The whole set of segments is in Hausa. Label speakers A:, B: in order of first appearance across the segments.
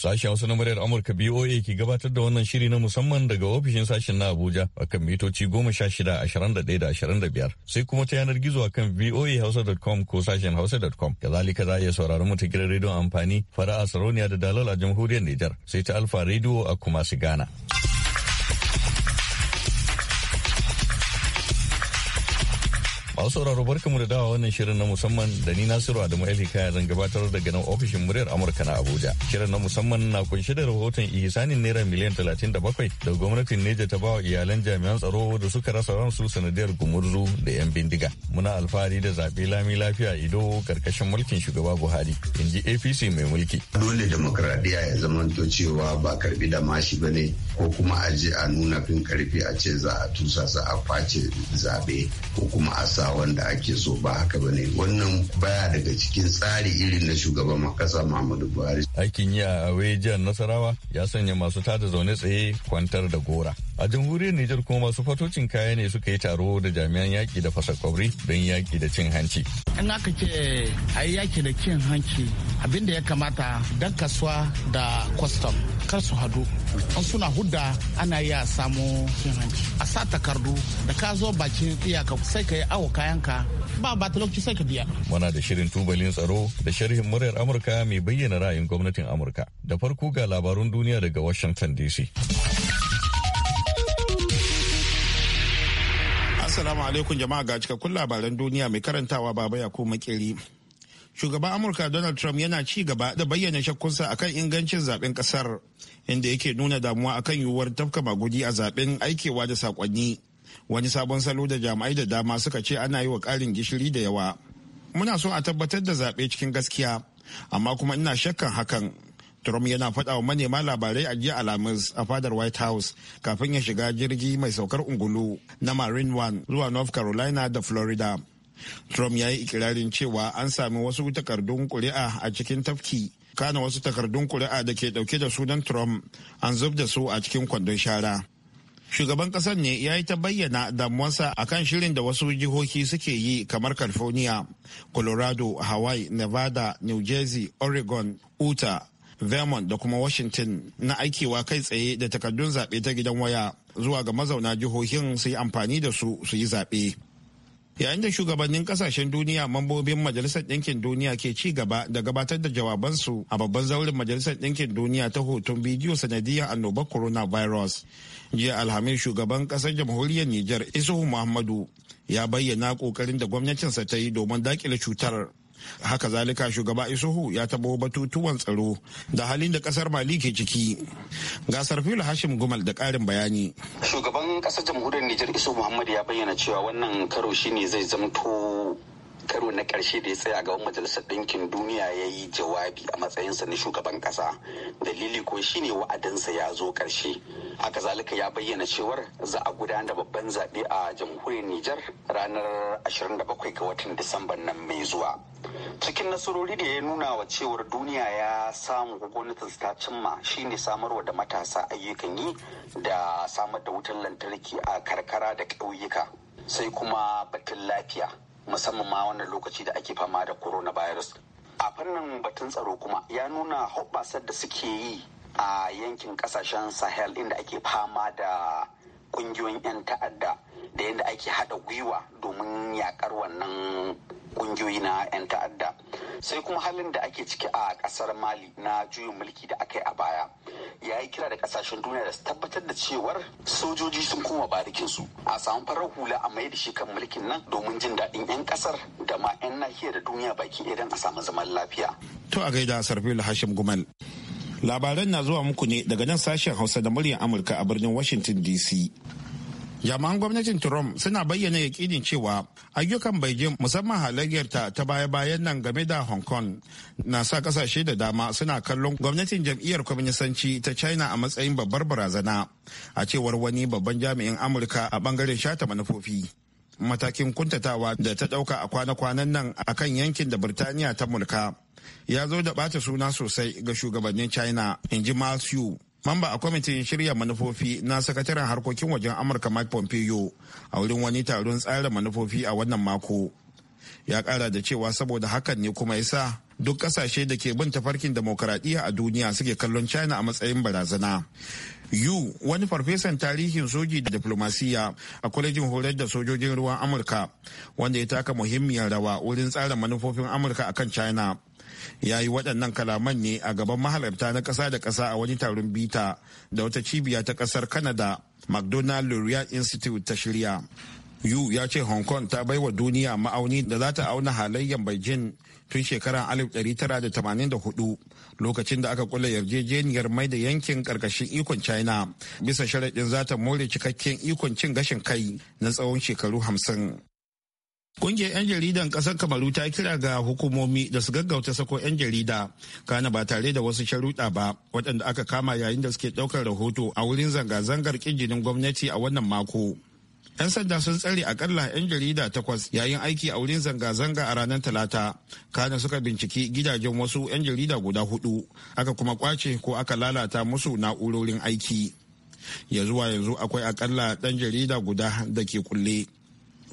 A: Sashen Hausa na muryar Amurka BOA ke gabatar da wannan shiri na musamman daga ofishin sashen na Abuja a kan mitoci goma sha shida ashirin da biyar sai kuma ta yanar gizo a kan voahausa.com ko sashen hausa.com. Kazalika za a iya sauraron mu ta gidan rediyon amfani fara'a sarauniya da dalal a jamhuriyar Nijar sai ta Alfa rediyo a kuma Ghana. Masu sauraro mu da dawa wannan shirin na musamman da ni Nasiru Adamu Ali kaya zan gabatar daga nan ofishin muryar Amurka na Abuja. Shirin na musamman na kunshe da rahoton ihsanin naira miliyan 37 da gwamnatin Neja ta bawa iyalan jami'an tsaro da suka rasa ransu sanadiyar gumurzu da 'yan bindiga. Muna alfahari da zaɓe lami lafiya ido karkashin mulkin shugaba Buhari, in ji APC mai mulki.
B: Dole demokradiyya ya zamanto cewa ba karbi da mashi ba ne ko kuma a je a nuna fin karfi a ce za a tusa sa a kwace zaɓe ko kuma a sa wanda ake so ba haka ba ne wannan baya daga cikin tsari irin na shugaban makasa muhammadu buhari
A: aikin yi a jihar nasarawa ya sanya masu tada zaune tsaye kwantar da gora a jamhuriyar Nijar kuma masu fatocin kaya ne suka yi taro da jami'an yaki da fasa kwabri don yaki da cin hanci.
C: In ka ce a yi yaki da cin hanci abinda ya kamata dan kasuwa da kwastam kar su hadu an suna hudda ana iya samu cin hanci a sa takardu da ka zo bakin iyaka sai ka yi awo kayanka ba ba talauci sai ka biya.
A: Muna da shirin tubalin tsaro da sharhin muryar Amurka mai bayyana ra'ayin gwamnatin Amurka. Da farko ga labarun duniya daga Washington DC. Assalamu alaikum jama'a
D: ga cikakkun labaran duniya mai karantawa baba ya kuma kiri. Shugaban Amurka Donald Trump yana ci gaba da bayyana shakkunsa akan ingancin zaben kasar inda yake nuna damuwa akan yiwuwar tafka magudi a zaben aikewa da sakonni. Wani sabon salo da jami'ai da dama suka ce ana yi wa karin gishiri da yawa. Muna so a tabbatar da zaɓe cikin gaskiya, amma kuma ina shakkan hakan Trump yana faɗa wa manema labarai a jiya Alhamis a fadar White House kafin ya shiga jirgi mai saukar ungulu na Marine One zuwa North Carolina da Florida. Trump ya yi ikirarin cewa an sami wasu takardun kuri'a a cikin tafki, kana wasu takardun kuri'a da ke dauke da sunan Trump an zub da su a cikin kwandon shara. Shugaban ƙasar ne ya yi ta bayyana damuwarsa a kan shirin da wasu jihohi suke yi kamar California, Colorado, Hawaii, Nevada, New Jersey, Oregon, Utah, vermont da kuma washington na aikewa kai tsaye da takardun zaɓe ta gidan waya zuwa ga mazauna jihohin su yi amfani da su su yi zaɓe yayin da shugabannin kasashen duniya mambobin majalisar ɗinkin duniya ke ci gaba da gabatar da jawabansu a babban zaurin majalisar ɗinkin duniya ta hoton bidiyo sanadiyar annobar coronavirus jiya alhamis shugaban ƙasar jamhuriyar nijar isuhu muhammadu ya bayyana ƙoƙarin da gwamnatinsa ta yi domin daƙile cutar haka zalika shugaba isuhu ya taɓo batutuwan tsaro da halin da ƙasar mali ke ciki gasar filo hashim gumal da ƙarin bayani
E: shugaban kasar jamhuriyar nijar isu muhammad ya bayyana cewa wannan karo shine zai zamto karo na ƙarshe da ya tsaya a gaban majalisar ɗinkin duniya ya yi jawabi a matsayinsa na shugaban ƙasa dalili ko shine wa'adinsa ya zo ƙarshe haka zalika ya bayyana cewar za a gudanar babban zaɓe a jamhuriyar nijar ranar 27 ga watan Disamba nan mai zuwa cikin nasarori da ya nuna wa cewar duniya ya samu gwamnatin ta cimma shine samarwa da matasa ayyukan yi da samar da wutar lantarki a karkara da ƙauyuka sai kuma batun lafiya musamman ma wannan lokaci da ake fama da coronavirus a fannin batun tsaro kuma ya nuna hoɓɓasar da suke yi a yankin ƙasashen sahel inda ake fama da kungiyoyin 'yan ta'adda da yadda ake haɗa gwiwa domin yaƙar wannan kungiyoyi na 'yan ta'adda sai kuma halin da ake ciki a kasar mali na juyin mulki da aka yi a baya ya yi kira da kasashen duniya da su tabbatar da cewar sojoji sun koma barikinsu a samu farar hula a mai da shi kan mulkin nan domin jin daɗin 'yan kasar da ma 'yan nahiyar da duniya baki idan a samu zaman lafiya.
D: to a gaida sarfi hashim gumal labaran na zuwa muku ne daga nan sashen hausa da muryar amurka a birnin washington dc jami'an gwamnatin trump suna bayyana yakinin cewa ayyukan beijing musamman halayyarta ta baya-bayan nan game da hong kong na sa kasashe da dama suna kallon gwamnatin jam'iyyar kwaminisanci ta china a matsayin babbar barazana a cewar wani babban jami'in amurka a bangaren shata manufofi matakin kuntatawa da ta dauka a kwana-kwanan nan a kan yankin da birtaniya ta mulka ya zo da bata suna sosai ga shugabannin china in ji matthew mamba a kwamitin shirya manufofi na sakataren harkokin wajen amurka mike pompeo a wurin wani taron tsara manufofi a wannan mako ya kara da cewa saboda hakan ne kuma ya sa duk kasashe da ke bin tafarkin demokaradiyya a duniya suke kallon china a matsayin barazana yu wani farfesan tarihin soji da diplomasiya a kwalejin horar da sojojin ruwan amurka wanda ya taka muhimmiyar rawa wurin tsara manufofin amurka akan china ya yi waɗannan kalaman ne a gaban mahalarta na ƙasa da ƙasa a wani taron bita da wata cibiya ta ƙasar canada mcdonald laureate institute ta shirya yu ya ce hong kong ta bai wa duniya ma'auni da za ta auna halayyar beijing tun shekarar 1984 lokacin da aka kula yarjejeniyar mai da yankin karkashin ikon china bisa sharaɗin za ta more cikakken ikon cin gashin kai na tsawon shekaru hamsin. Kungiyar 'yan jaridan ƙasar Kamaru ta kira ga hukumomi da su gaggauta sako 'yan jarida kana ba tare da wasu sharuɗa ba waɗanda aka kama yayin da suke ɗaukar rahoto a wurin zanga-zangar ƙinjinin gwamnati a wannan mako. 'Yan sanda sun tsare akalla 'yan jarida takwas yayin aiki a wurin zanga-zanga a ranar Talata, kana suka binciki gidajen wasu 'yan jarida guda hudu, aka kuma kwace ko aka lalata musu na'urorin aiki. Ya zuwa yanzu akwai akalla ɗan jarida guda da ke kulle.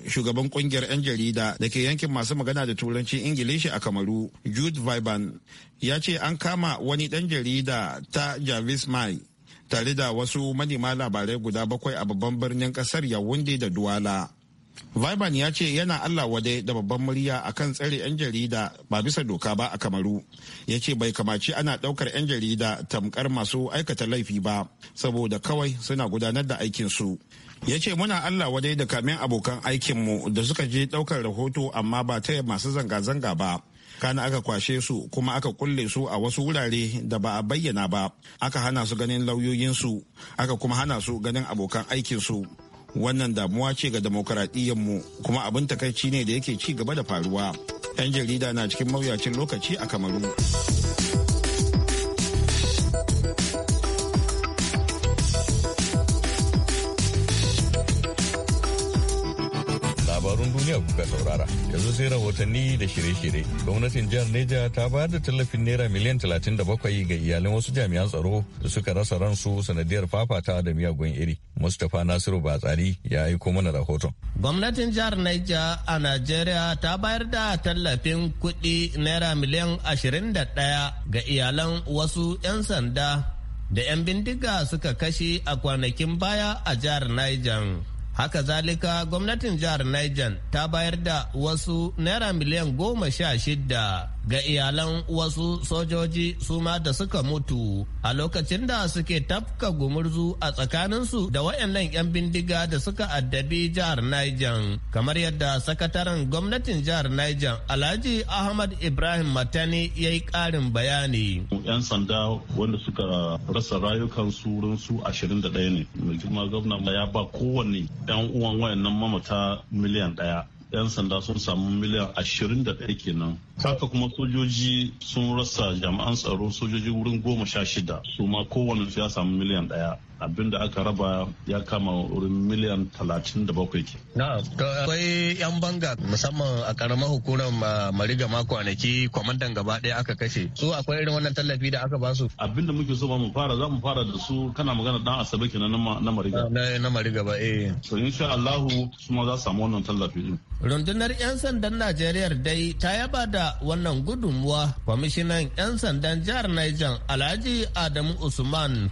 D: shugaban kungiyar 'yan jarida da ke yankin masu magana da turanci ingilishi a kamaru jude viban ya ce an kama wani ɗan jarida ta jarvis mai tare da wasu manema labarai guda bakwai a babban birnin ƙasar yawunde da duwala viban ya ce yana allah wadai da babban murya akan tsare 'yan jarida ba bisa doka ba a kamaru ya ce bai kamaci ana ɗaukar 'yan jarida tamkar masu aikata laifi ba saboda kawai suna gudanar da aikinsu ya ce muna allah wadai da kamin abokan aikinmu da suka je ɗaukar rahoto amma ba taya masu zanga-zanga ba kana aka kwashe su kuma aka kulle su a wasu wurare da ba a bayyana ba aka hana su ganin lauyoyinsu aka kuma hana su ganin abokan aikinsu wannan damuwa ce ga mu kuma abin takaici ne da yake ci gaba da faruwa 'yan jarida na cikin mawuyacin lokaci a kamaru.
A: duniya kuka saurara. Yanzu sai rahotanni da shirye-shirye. Gwamnatin jihar Neja ta bayar da tallafin naira miliyan 37 ga iyalan wasu jami'an tsaro da suka rasa ransu sanadiyar fafata da miyagun iri. Mustapha Nasiru Batsari ya aiko mana rahoton.
F: Gwamnatin jihar Neja a Najeriya ta bayar da tallafin kuɗi naira miliyan ashirin da ɗaya ga iyalan wasu 'yan sanda da 'yan bindiga suka kashe a kwanakin baya a jihar Niger. haka zalika gwamnatin jihar niger ta bayar da wasu naira miliyan goma sha shida ga iyalan wasu sojoji su ma da suka mutu a lokacin da suke tafka gumurzu a tsakaninsu da wayannan 'yan bindiga da suka addabi jihar Niger kamar yadda sakataren gwamnatin jihar Niger Alhaji Ahmad Ibrahim Matani ya yi ƙarin bayani.
B: 'Yan sanda wanda suka rasa rayukansu ran su 21 ne. Mai girma gwamna ya ba kowanne 'yan uwan wayannan mamata miliyan ɗaya. 'yan sanda sun samu miliyan ashirin da ɗaya kenan haka kuma sojoji sun rasa jami'an tsaro sojoji wurin goma sha shida su ma kowane su ya samu miliyan ɗaya abin da aka raba ya kama wurin miliyan 37 ke.
F: akwai 'yan banga musamman a karamar hukumar mariga ma kwanaki kwamandan gaba daya aka kashe su akwai irin wannan tallafi da aka basu. abin da muke so ba mu fara za mu fara da su kana magana dan asabe ke na mariga. na mariga ba eh. so insha Allahu su ma za su samu wannan tallafi din. rundunar 'yan sandan Najeriya dai ta yaba da wannan gudunmuwa kwamishinan 'yan sandan jihar Niger Alhaji Adamu Usman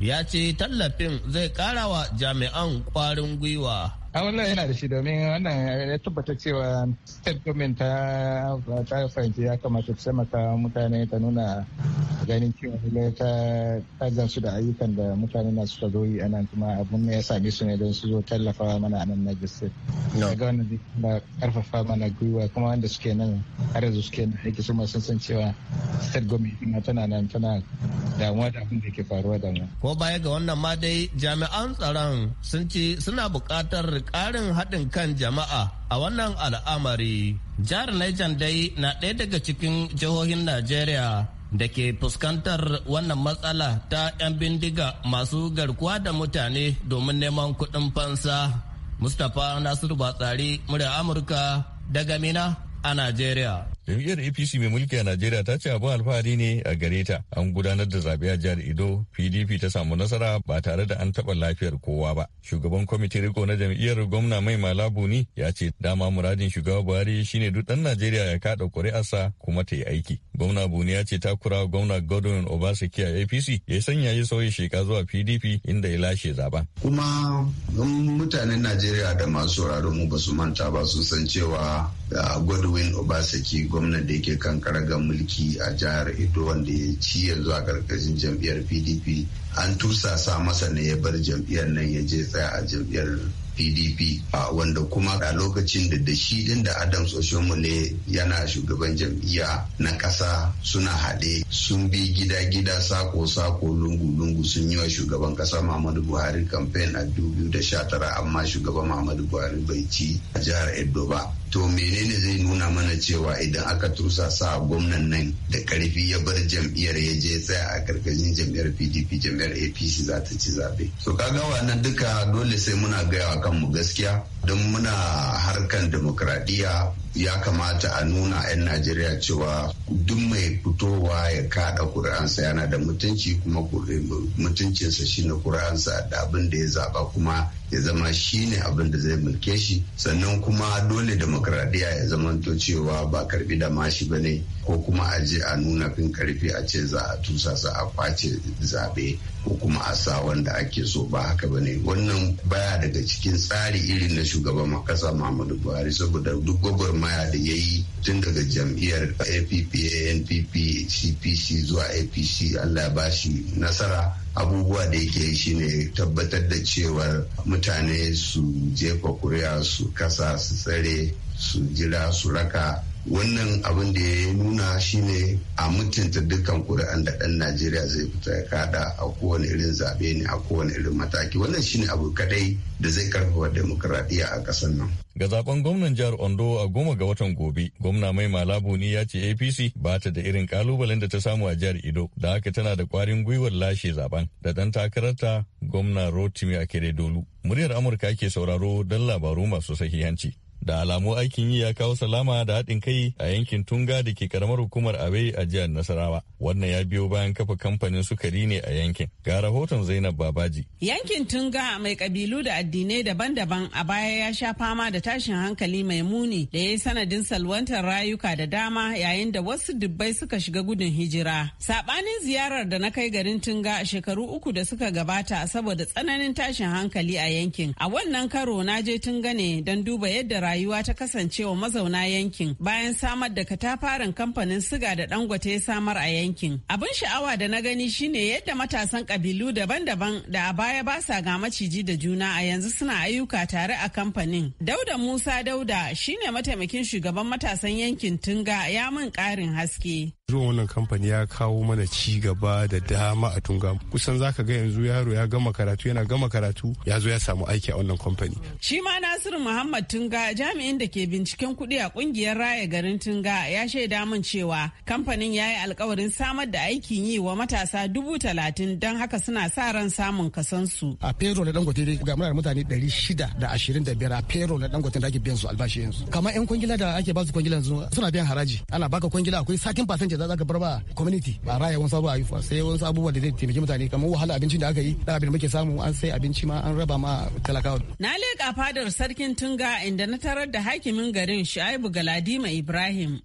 F: ya ce tallafin zai karawa jami'an kwarin gwiwa
G: a ah, wannan yana da shi domin wannan ya tabbata
H: cewa state government ta fahimci ya kamata ta taimaka mutane ta nuna ganin cewa ta ta gansu da ayyukan da mutane na suka zo a nan kuma abun ya same su ne don su zo tallafa mana a nan na state daga wannan zai kuma
F: karfafa mana gwiwa kuma wanda suke nan har yanzu suke nan aiki su sun san cewa state government tana nan tana
H: damuwa da abin da ke faruwa da mu
F: ko baya ga wannan ma dai jami'an tsaron sun ce suna buƙatar ƙarin haɗin kan jama'a a wannan al'amari. Jihar Niger dai na ɗaya daga cikin jihohin Najeriya da ke fuskantar wannan matsala ta 'yan bindiga masu garkuwa da mutane domin neman kuɗin fansa. Mustapha Nasiru Batsari, murya Amurka daga Mina
A: a Najeriya. jam'iyyar apc mai mulki a najeriya ta ce abin alfahari ne a gare ta an gudanar da zaɓe a jihar ido pdp ta samu nasara ba tare da an taɓa lafiyar kowa ba shugaban kwamitin riko na jam'iyyar gwamna mai malabu ni ya ce dama muradin shugaba buhari shine duk ɗan najeriya ya kaɗa ƙuri'arsa kuma ta yi aiki gwamna buni ya ce ta kura gwamna godwin obasaki a apc ya sanya yi sauyi sheka zuwa pdp inda ya lashe zaben
B: kuma mutanen najeriya da masu sauraron mu ba su manta ba sun san cewa ah, godwin obasaki gwamnan da yake kan karagar mulki a jihar edo wanda ya ci yanzu a karkashin jam'iyyar pdp an tursasa masa ne ya bar jam'iyyar nan ya je tsaya a jam'iyyar pdp wanda kuma a lokacin da da shi din da adams ne yana shugaban jam'iyya na ƙasa suna haɗe sun bi gida-gida sako-sako lungu-lungu sun yi wa shugaban ƙasa muhammadu buhari kamfein a 2019 amma shugaban muhammadu buhari bai ci a jihar edo ba to menene zai nuna mana cewa idan aka tursa sa gwamnan nan da karfi ya
H: bar jam'iyyar ya je tsaya a karkashin jam'iyyar pdp jam'iyyar apc za ta ci zaɓe so
B: kaga wannan duka dole sai muna gaya wa kanmu gaskiya don muna harkan demokradiyya ya kamata a nuna 'yan najeriya cewa duk mai fitowa ya kada kuri'ansa yana da mutunci kuma mutuncinsa shine kuri'ansa da abin da ya zaba kuma ya zama shine abin da zai mulke shi sannan kuma dole demokradiyya ya to cewa ba karbi da mashi ba ne ko kuma a je a nuna fin karfi a ce za a tusa sa a kwace zabe ko kuma a sa wanda ake so ba haka ba ne wannan baya daga cikin tsari irin na shugaban kasa Muhammadu Buhari saboda duk gwagwarmaya da ya yi tun daga jam'iyyar APP, NPP, CPC zuwa APC Allah ya bashi nasara abubuwa da yake yi shine tabbatar da cewar mutane su jefa kuri'a su kasa su tsare su jira su raka wannan abin da ya nuna shine a mutunta dukkan kuri'an da ɗan najeriya zai fita ya kada a kowane irin zaɓe ne a kowane irin mataki wannan shine abu kadai da zai karfafa demokradiyya a ƙasar nan
A: ga zaɓen gwamnan jihar ondo a goma ga watan gobe gwamna mai malabuni ni ya ce apc ba ta da irin kalubalen da ta samu a jihar ido da haka tana da kwarin gwiwar lashe zaben da ɗan takararta gwamna rotimi akeredolu muryar amurka ke sauraro don labaru masu sahihanci da alamu aikin yi ya kawo salama da haɗin kai a yankin tunga da ke karamar hukumar abe a jihar nasarawa wannan ya biyo bayan kafa kamfanin sukari ne a yankin ga rahoton zainab babaji
I: yankin tunga mai kabilu da addinai daban-daban a baya ya sha fama da tashin hankali mai muni da ya yi sanadin salwantar rayuka da dama yayin da wasu dubbai suka shiga gudun hijira saɓanin ziyarar da na kai garin tunga shekaru uku da suka gabata saboda tsananin tashin hankali a yankin a wannan karo na je tunga ne don duba yadda rayuwa ta kasance wa mazauna yankin bayan samar da katafaren kamfanin siga da dangote ya samar a yankin. Abin sha'awa da na gani shine yadda matasan kabilu daban-daban da a baya ba sa ga maciji da juna a yanzu suna ayyuka tare a kamfanin. Dauda Musa Dauda shine mataimakin shugaban matasan yankin Tunga ya min ƙarin haske.
G: zuwan wannan kamfani ya kawo mana ci gaba da dama a tunga kusan zaka ga yanzu yaro ya gama karatu yana gama karatu ya zo ya samu aiki a wannan kamfani
I: shi ma nasiru muhammad tunga jami'in da ke binciken kuɗi a kungiyar raya garin tunga ya shaida min cewa kamfanin ya yi alkawarin samar da aikin yi wa matasa dubu talatin don haka suna sa ran samun kasansu
C: a fero na dangote dai ga muna da mutane ɗari shida da ashirin da biyar a fero na dangote da ake biyan su albashi yanzu kamar yan kwangila da ake ba su kwangila yanzu suna biyan haraji ana baka kwangila akwai satin fasinja za ka bar ba community ba raya wasu abubuwa ayyuka sai wani abubuwa da zai taimaki mutane kamar wahala abincin da aka yi da abin da muke samu an sai abinci ma an raba ma
H: talakawa.
I: Na leƙa fadar sarkin Tunga inda na tarar da hakimin garin Shu'aibu Galadima Ibrahim.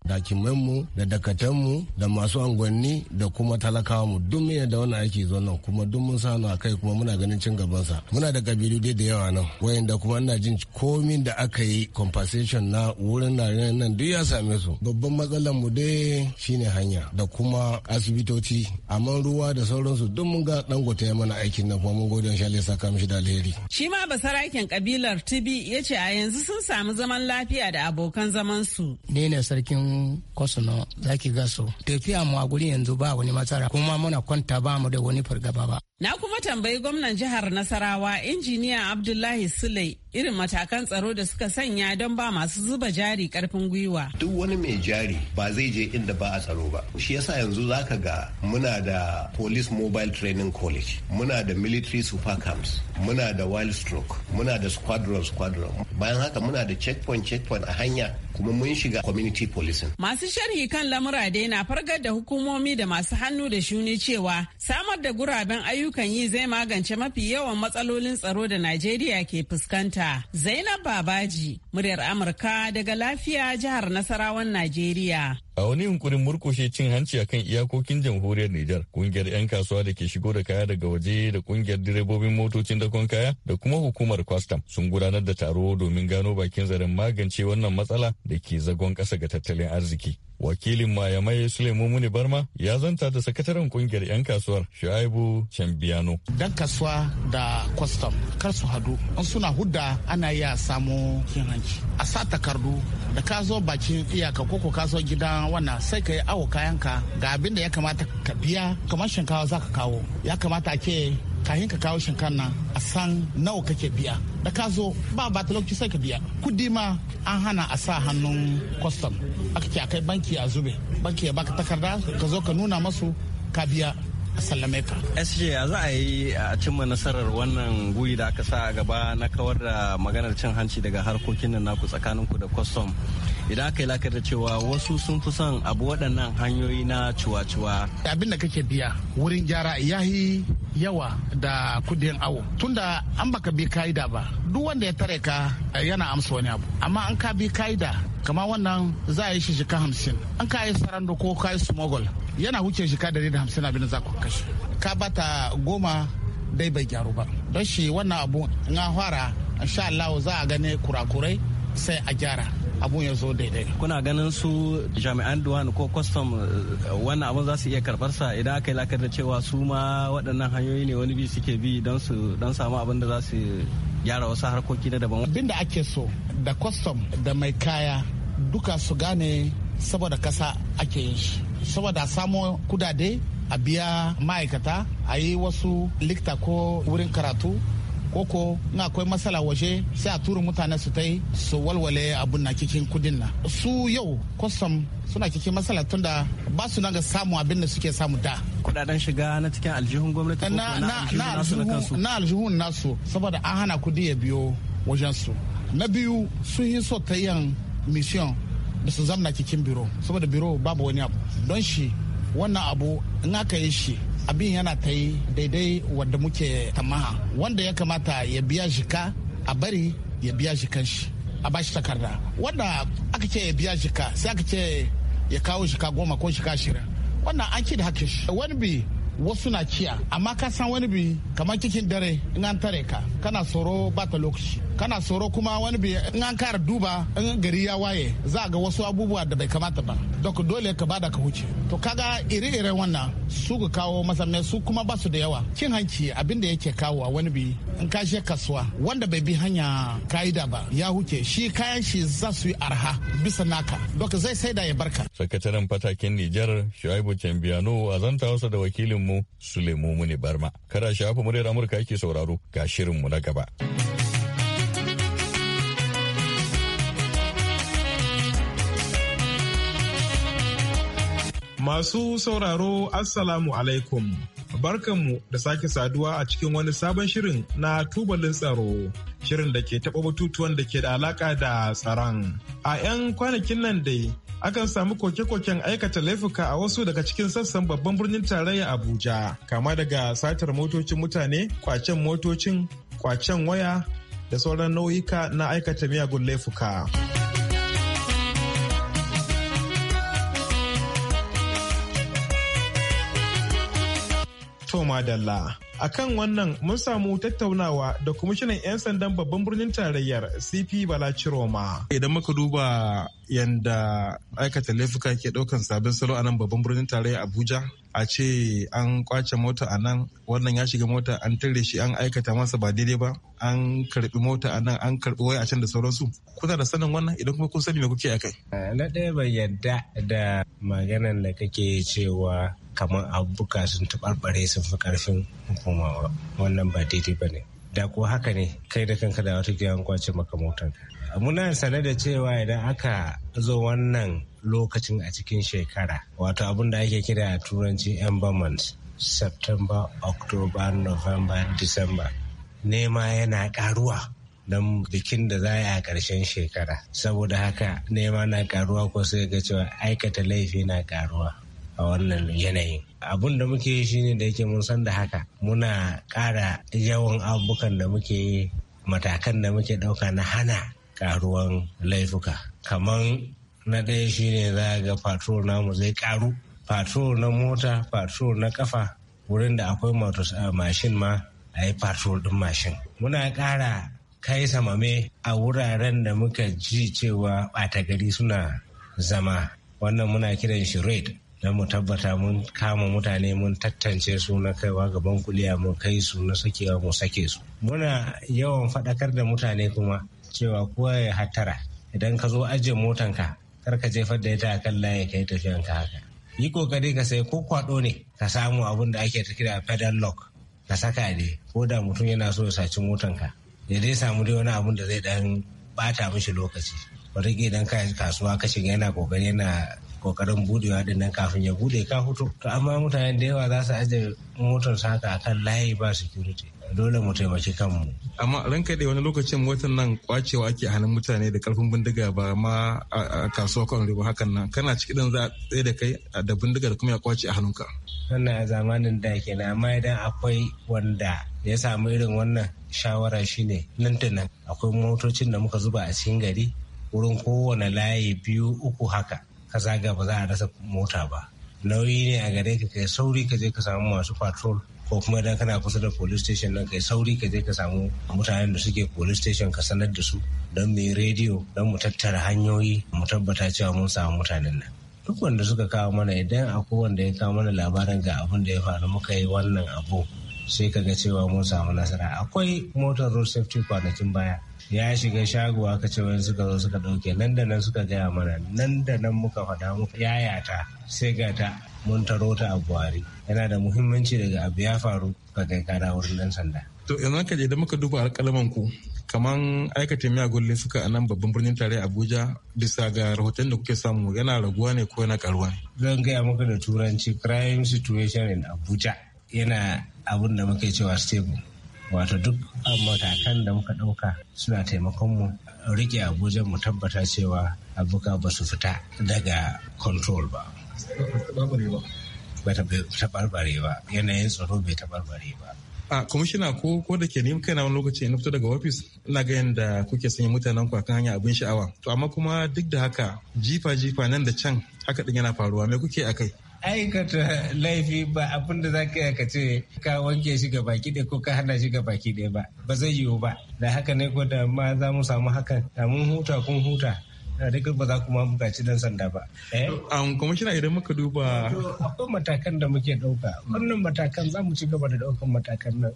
H: mu da dakatan mu da masu angwanni da kuma talakawa mu duk mai da wannan aiki zo nan kuma duk mun sanu a kai kuma muna ganin cin gaban sa Muna da kabilu dai da yawa nan wayanda kuma ina jin komin da aka yi compensation na wurin nan duk ya same su. Babban matsalar mu dai shine hanya. hanya da kuma asibitoci amma ruwa da sauransu duk mun ga dangote ya mana aikin na kuma mun gode shi Allah saka mishi da alheri
I: shi ma sarakin kabilar tibi yace a yanzu sun samu zaman lafiya da abokan zaman su
C: ne ne sarkin kosuno zaki gaso tafiya mu a guri yanzu
I: ba wani matsala kuma muna kwanta ba mu da wani fargaba ba na kuma tambayi gwamnan jihar nasarawa injiniya abdullahi sule irin matakan tsaro da suka sanya don ba masu zuba jari karfin gwiwa
B: duk wani mai jari ba zai je inda ba a tsaro ba shi yasa yanzu zaka ga muna da police mobile training college muna da military super camps muna da wild stroke muna da squadron squadron bayan haka muna da checkpoint checkpoint a hanya kuma mun shiga community policing.
I: Masu sharhi kan lamura dai na fargar da hukumomi da masu hannu da shuni cewa samar da guraben ayyukan yi zai magance mafi yawan matsalolin tsaro da Najeriya ke fuskanta. Zainab Babaji, muryar Amurka daga lafiya jihar Nasarawan Najeriya.
A: A wani yunkurin murkushe cin hanci akan iyakokin jamhuriyar Nijar, kungiyar 'yan kasuwa da ke shigo da kaya daga waje da kungiyar direbobin motocin dakon kaya da kuma hukumar kwastam sun gudanar da taro domin gano bakin zaren magance wannan matsala da ke zagon ƙasa ga tattalin arziki. Wakilin Mayamai Suleiman Muni Barma ya zanta da sakataren kungiyar 'yan kasuwar Shu'aibu Chambiano.
C: Dan kasuwa da kwastam kar su hadu in suna hudda ana iya samu yin hanci. A sa takardu da ka zo bakin iyaka ko ka zo gidan wannan sai ka yi awo kayanka ga abin da ya kamata ka biya kamar shinkawa za ka kawo. Ya kamata ke kahin ka kawo shinkan nan a san nawa kake biya da ka zo ba ba ta lokaci sai ka biya kudi ma an hana a sa hannun kwastam aka kake a kai banki a zube banki ya baka takarda ka zo ka nuna masu ka biya sallame ka.
H: SJ ya za a yi a cimma nasarar wannan guri da aka sa a gaba na kawar da maganar cin hanci daga harkokin nan naku tsakanin ku da kwastom. Idan aka yi lakar da cewa wasu sun fi son abu waɗannan hanyoyi na ciwa-ciwa. Abin da kake biya
C: wurin gyara ya yi yawa da kudin awo tunda an baka bi ka'ida ba duk wanda ya tare ka eh, yana amsa wani abu amma an ka bi ka'ida kama wannan za a yi shi jika hamsin an ka yi sarando ko ka yi smuggle yana wuce shi ka da hamsin abin da za ku kashe ka bata goma dai bai gyaru ba don shi wannan abu in an fara insha Allah za a gane kurakurai sai a gyara
H: abun ya zo daidai kuna ganin su jami'an duwan ko kwastam eh, wannan abun za su iya karbar sa idan aka yi lakar da cewa su ma waɗannan hanyoyi ne wani bi suke bi don su don samu abin da za su gyara wasu harkoki na daban abin da ake so da kwastam da mai kaya
C: duka su gane saboda kasa ake yin shi saboda samo kudade a biya ma'aikata a yi wasu likta ko wurin karatu koko na akwai matsala waje sai a turu mutane su ta yi su walwale abun na cikin kudin na su yau kwasam suna cikin matsala tun da ba su ga samu abin da suke samu da kudaden shiga na cikin aljihun gwamnati na aljihun nasu saboda an hana kudi ya biyo wajen su na biyu sun yi so ta yin mission da su zamna cikin biro saboda biro babu wani abu don shi wannan abu in aka yi shi abin yana ta yi daidai wadda muke tamaha wanda ya kamata ya biya ka a bari ya biya shi shi a bashi takarda wanda aka ce ya biya ka sai aka ce ya kawo ka goma ko ka shi wannan an ci da haka shi wani bi wasu na ciya amma ka san wani bi kamar cikin dare in an tare ka kana tsoro ba ta lokaci kana tsoro kuma wani bi in an kara duba in gari ya waye za ga wasu abubuwa da bai kamata ba dok dole ka bada ka huce to kaga ire-ire wannan su ga kawo masa su kuma ba su da yawa cin hanci abin da yake kawo a wani bi in ka she kasuwa wanda bai bi hanya ka'ida ba ya huce shi kayan shi za su yi arha bisa naka dok zai sai da ya barka
A: sakataren fatakin Nijar Shuaibu Chambiano a zanta wasa da wakilinmu Sulemu Muni Barma kada shafa muryar Amurka yake sauraro ga shirin mu na gaba.
G: Masu sauraro Assalamu alaikum. Barkanmu da sake saduwa a cikin wani sabon shirin na tubalin tsaro, shirin da ke taɓa batutuwan da ke da alaƙa da tsaron. A 'yan kwanakin nan dai, akan samu koke-koken aikata laifuka a wasu daga cikin sassan babban birnin tarayya Abuja, kama daga satar motocin mutane, kwacen motocin, kwacen waya da sauran nau'ika na aikata miyagun laifuka. Toma Madalla. A kan wannan mun samu tattaunawa da kwamishinan 'yan sandan babban birnin tarayyar CP Balaciroma. Idan muka duba yanda aikata laifuka ke ɗaukan sabon salo a nan babban birnin tarayya abuja a ce an kwace mota a nan wannan ya shiga mota an tare shi an aikata masa ba daidai ba an karbi mota a nan an karbi waya a can da sauransu kuna da sanin wannan idan kuma kun sani me kuke
H: akai na ɗaya bai yadda da maganan da kake cewa kamar abubuwa sun taɓarɓare sun fi ƙarfin hukuma wannan ba daidai ba ne da ko haka ne kai da kanka da wata an kwace maka motar muna sane da cewa idan aka zo wannan lokacin a cikin shekara wato abin da ake kira a turanci embalmment september october november december nema yana karuwa don bikin da za a ƙarshen shekara saboda haka nema na karuwa ko sai ga cewa aikata laifi na karuwa a wannan yanayin abun da muke yi shine da yake mun san da haka muna ƙara yawan abubukan da muke yi matakan da muke ɗauka na hana karuwan laifuka kaman na ɗaya shine za ga patrol namu zai karu patrol na mota patrol na kafa wurin da akwai a mashin ma a yi patrol ɗin mashin muna ƙara kai samame a wuraren da muka ji cewa ɓata gari suna zama wannan muna kiran shi raid don mu tabbata mun kama mutane mun tattance su na kaiwa gaban kuliya mu kai su na sakewa mu sake su muna yawan faɗakar da mutane kuma cewa kowa ya hatara idan ka zo ajiye motanka kar ka jefar da ita a kan layi ka yi tafiyanka haka yi kokari ka sai ko kwado ne ka samu abun da ake ta kira pedal lock ka saka ne ko da mutum yana so ya saci motanka ya dai samu dai wani abun da zai dan bata mishi lokaci wata idan ka kasuwa ka shiga yana kokari yana kokarin budewa din nan kafin ya bude ka hutu to amma mutane da yawa za su ajiye motar haka akan layi ba security dole mu taimaki kanmu.
G: Amma ranka kaɗai wani lokacin watan nan kwacewa ake hannun mutane da karfin bindiga ba ma a kasuwa kan riba hakan nan kana ciki dan za a da kai da bindiga da kuma ya kwace a hannunka.
H: Wannan a zamanin da na amma idan akwai wanda ya samu irin wannan shawara shine nan da nan akwai motocin da muka zuba a cikin gari wurin kowane layi biyu uku haka ka zaga ba za a rasa mota ba. nauyi ne a gare ka kai sauri ka je ka samu masu patrol ko kuma idan kana kusa da police station nan kai sauri ka je ka samu mutanen da suke police station ka sanar da su don mai rediyo don mu tattara hanyoyi mu tabbata cewa mun samu mutanen nan duk wanda suka kawo mana idan akwai wanda ya kawo mana labarin ga abin da ya faru muka yi wannan abu sai ka ga cewa mun samu nasara akwai motar road safety kwanakin baya ya shiga shago aka ce wani suka zo suka dauke nan da nan suka gaya mana nan da nan muka faɗa muka yayata sai ga ta mun taro ta a buhari yana da muhimmanci daga abu ya faru ka kai kada wurin dan sanda
G: to yanzu ka je da muka duba alƙalaman ku kaman aikata miyagun laifuka a nan babban birnin tare abuja bisa ga rahoton da kuke samu yana raguwa ne ko yana karuwa ne
H: zan gaya maka da turanci crime situation in abuja yana abun da muke cewa stable wato duk matakan da muka ɗauka suna taimakon mu rike abuja mu tabbata cewa abuka ba su fita daga control ba ba yanayin tsaro bai tabarbare ba
G: a kwamishina ko ko da ke ni na wani lokaci na fito daga ofis ina ga yadda kuke sanya mutanen ku akan hanya abin sha'awa to amma kuma duk da haka jifa jifa nan da can haka ɗin yana faruwa me kuke akai
H: aikata laifi ba abin da zaka yi ka ce ka wanke shi ga baki ɗaya ko ka hana shi ga baki ɗaya ba ba zai yiwu ba da haka ne ko da ma za mu samu hakan da mun huta kun huta duk ba za kuma bukaci dan sanda ba.
G: Eh? Um, kwamishina idan muka
H: duba. Akwai matakan da muke ɗauka. Wannan matakan za mu ci gaba da ɗaukan matakan nan.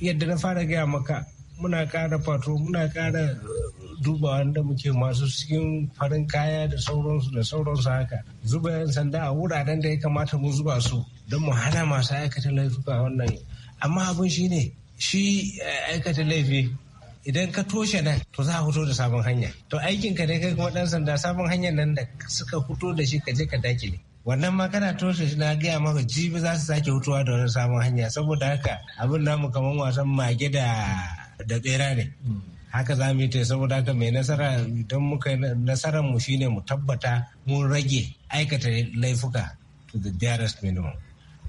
H: Yadda na fara gaya maka muna ƙara fato muna ƙara uh, duba wanda muke masu cikin farin kaya da sauransu da sauransu haka. Zuba yan sanda a wuraren da ya kamata mu zuba su don mu hana masu aikata laifuka wannan. Amma abin shi ne shi eh, aikata laifi idan ka toshe nan to za a fito da sabon hanya to aikin ka ne kai kuma dan sanda sabon hanyar nan da suka fito da shi ka je ka dakile wannan ma kana toshe shi na gaya maka jibi za su sake hutuwa da wani sabon hanya saboda haka abin namu kamar wasan mage da da bera ne haka za mu yi ta saboda haka mai nasara idan muka nasarar mu shine mu tabbata mun rage aikata laifuka to the dearest minimum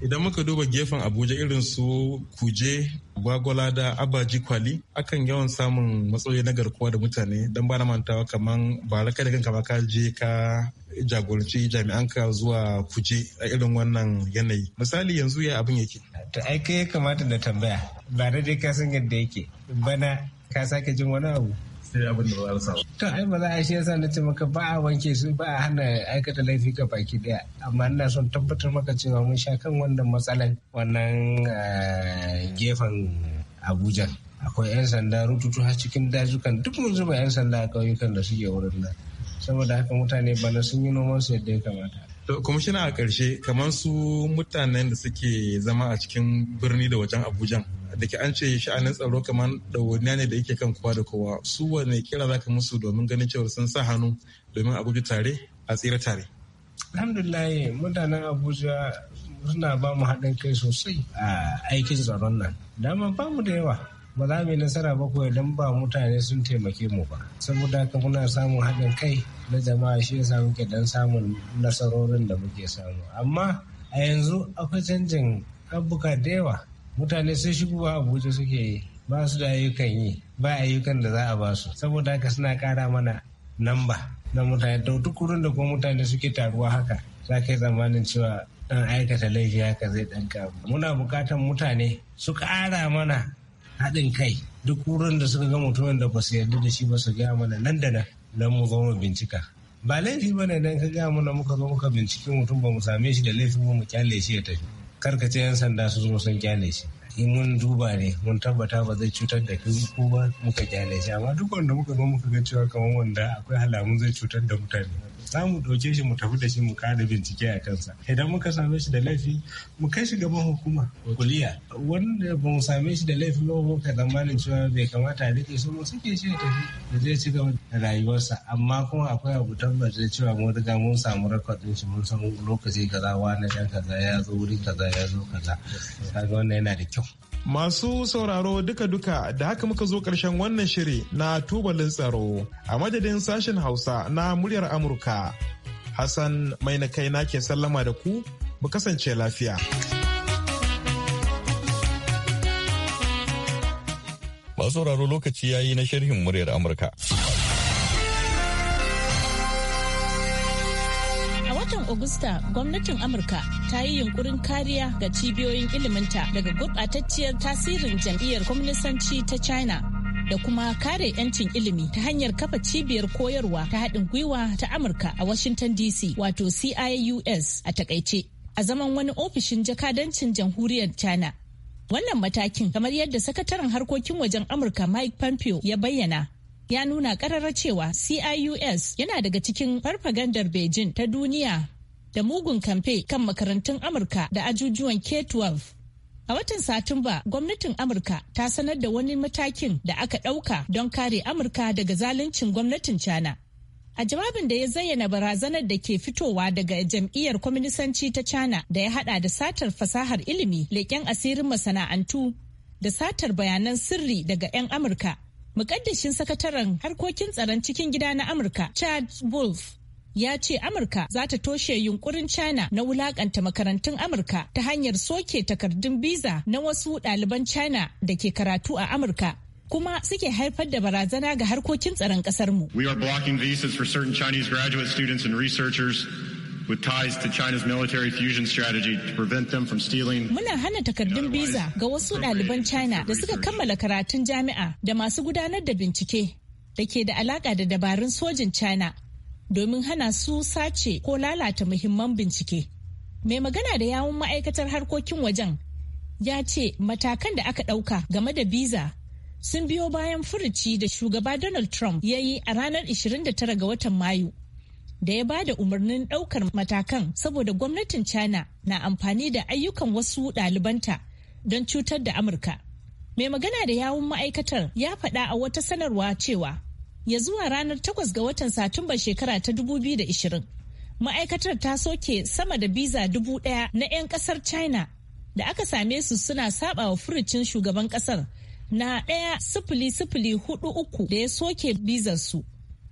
G: idan muka duba gefen abuja irin su kuje gwagwala da abaji kwali akan yawan samun matsaloli na garkuwa da mutane don ba na mantawa kaman ba raka da kanka ka je ka jagoranci jami'anka zuwa kuje a irin wannan yanayi misali
H: yanzu ya abin yake to ai ya kamata da tambaya ba da dai ka san yadda yake bana ka sake jin wani abu sai abin da za a rasa To ai ba za a shi yasa na ce maka ba a wanke su ba a hana aikata laifi ka baki daya amma ina son tabbatar maka cewa mun sha kan wannan matsalan wannan eh, gefen Abuja. Akwai 'yan sanda rututu har cikin dajukan duk mun zuba 'yan sanda a ƙauyukan da suke wurin nan. Saboda haka mutane bana sun yi noman su yadda ya kamata.
G: To, kwamishina a ƙarshe kamar su mutanen da suke zama a cikin birni da wajen Abuja. da ke an ce sha'anin tsaro kamar ɗawainiya ne da yake kan kowa da kowa su wane kira zaka musu domin ganin cewar sun sa hannu domin a guji tare a tsira tare
H: alhamdulillah mutanen abuja suna ba mu haɗin kai sosai a aikin tsaron nan dama ba mu da yawa ba za mu yi nasara ba kuwa idan ba mutane sun taimake mu ba saboda haka muna samun haɗin kai na jama'a shi yasa muke dan samun nasarorin da muke samu amma a yanzu akwai canjin abubuwa da yawa mutane sai shigo a abuja suke yi ba su da ayyukan yi ba ayyukan da za a ba su saboda haka suna kara mana namba na mutane da duk wurin da kuma mutane suke taruwa haka za ka yi tsammanin cewa dan aikata laifi haka zai ɗan kamu muna bukatan mutane su ƙara mana haɗin kai duk wurin da suka ga mutumin da ba su yarda da shi ba su gaya mana nan da nan don mu zo mu bincika ba laifi ba ne don ka gaya mana muka zo muka binciki mutum ba mu same shi da laifi ba mu kyale shi ya tafi kar ka karkace yan sanda su zo sun kyale shi in mun duba ne mun tabbata ba zai cutar da kai ko ba muka kyale shi amma duk wanda muka zo muka ga cewa kamar wanda akwai alamun zai cutar da mutane za mu ɗauke shi mu tafi da shi mu kada bincike a kansa idan muka same shi da laifi mu kai shi gaban hukuma kuliya wanda ba mu same shi da laifi ba ko ka zamanin cewa bai kamata a rike shi mu suke shi tafi da zai ci gaba da rayuwarsa amma kuma akwai abu da cewa mun riga mun samu rekod shi mun san lokaci kaza wani ɗan kaza ya zo wuri kaza ya zo kaza kaga wannan yana da kyau
G: Masu sauraro duka-duka da haka muka zo ƙarshen wannan shiri na tubalin tsaro a madadin sashen Hausa na muryar Amurka. Hassan mai na kai na ke sallama da ku, mu kasance lafiya.
A: Masu sauraro lokaci yayi na shirhin muryar Amurka.
J: watan Agusta gwamnatin Amurka ta yi yunkurin kariya ga cibiyoyin iliminta daga gurɓatacciyar tasirin jam'iyyar kwamnisanci ta China da kuma kare 'yancin ilimi ta hanyar kafa cibiyar koyarwa ta haɗin gwiwa ta Amurka a Washington DC wato CIUS a takaice a zaman wani ofishin jakadancin jamhuriyar China. Wannan matakin kamar yadda sakataren harkokin wajen Amurka Mike Pompeo ya bayyana ya nuna kararra cewa CIUS yana daga cikin farfagandar Beijing ta duniya da mugun kamfe kan makarantun Amurka da ajujuwan K-12. A watan Satumba, gwamnatin Amurka ta sanar da wani matakin da aka ɗauka don kare Amurka daga zaluncin gwamnatin China. A jawabin da ya zayyana barazanar da ke fitowa daga jam'iyyar kwaminisanci ta China da ya hada da satar fasahar ilimi, leƙen asirin masana'antu da satar bayanan sirri daga 'yan Amurka Mukaddashin sakataren harkokin tsaron cikin gida na Amurka, Chad Wolf, ya ce Amurka za ta toshe yunkurin China na wulakanta makarantun Amurka ta hanyar soke takardun biza na wasu ɗaliban China da ke karatu a Amurka. kuma suke haifar da barazana ga harkokin tsaron ƙasarmu.
D: We are blocking visas for certain Chinese graduate students and researchers with ties to China's military fusion strategy to prevent them from stealing.
J: Muna hana takardun biza ga wasu ɗaliban China da suka kammala karatun jami'a da masu gudanar da bincike da ke da alaƙa da dabarun sojin China domin hana su sace ko lalata muhimman bincike. Mai magana da yawun ma'aikatar harkokin wajen ya ce matakan da aka ɗauka game da biza sun biyo bayan furuci da shugaba Donald Trump ya yi a ranar 29 ga watan Mayu da ya ba da umarnin ɗaukar matakan saboda gwamnatin China na amfani da ayyukan wasu ɗalibanta don cutar da Amurka. Mai magana da yawun ma'aikatar ya faɗa a wata sanarwa cewa ya zuwa ranar 8 ga watan Satumba shekara ta 2020. Ma'aikatar ta soke sama da biza dubu ɗaya na 'yan ƙasar China da aka same su suna saba wa furucin shugaban ƙasar na ɗaya sifili sifili hudu uku da ya soke bizar su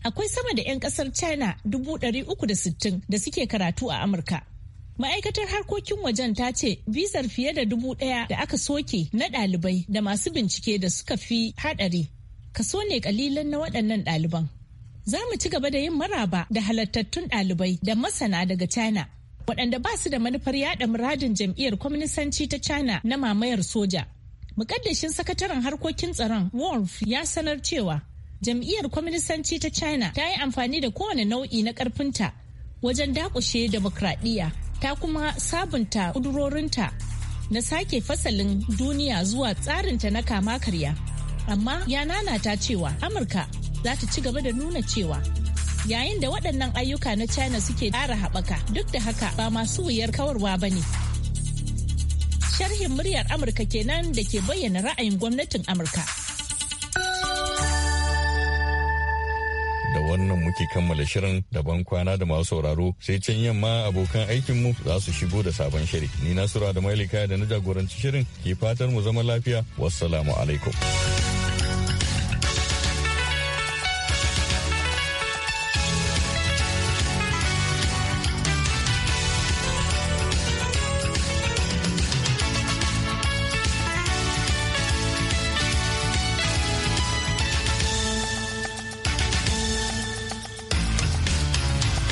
J: akwai sama da 'yan kasar china 360 da suke karatu a amurka ma'aikatar harkokin wajen ta ce bizar fiye da dubu ɗaya da aka soke na ɗalibai da masu bincike da suka fi haɗari kaso ne kalilan na waɗannan ɗaliban za mu ci gaba da yin maraba da halattattun ɗalibai da masana daga china waɗanda ba su da manufar yada muradin jam'iyyar kwaminisanci ta china na mamayar soja mukaddashin sakataren harkokin tsaron wolf ya sanar cewa jam'iyyar kwaminisanci ta china ta yi amfani da kowane nau'i na karfinta wajen dakushe demokradiyya ta kuma sabunta kudurorinta na sake fasalin duniya zuwa tsarinta na kama karya amma ya nanata cewa amurka za ta ci gaba da nuna cewa yayin da waɗannan ayyuka na china suke ƙara haɓaka duk da haka ba masu wuyar kawarwa ba ne sharhin muryar amurka kenan da ke bayyana ra'ayin gwamnatin amurka
A: wannan muke kammala shirin daban kwana da masu sauraro sai can yamma abokan aikinmu za su shigo da sabon shiri. Ni Nasura da Mailika da na jagoranci shirin ke fatar mu zama lafiya. Wassalamu alaikum.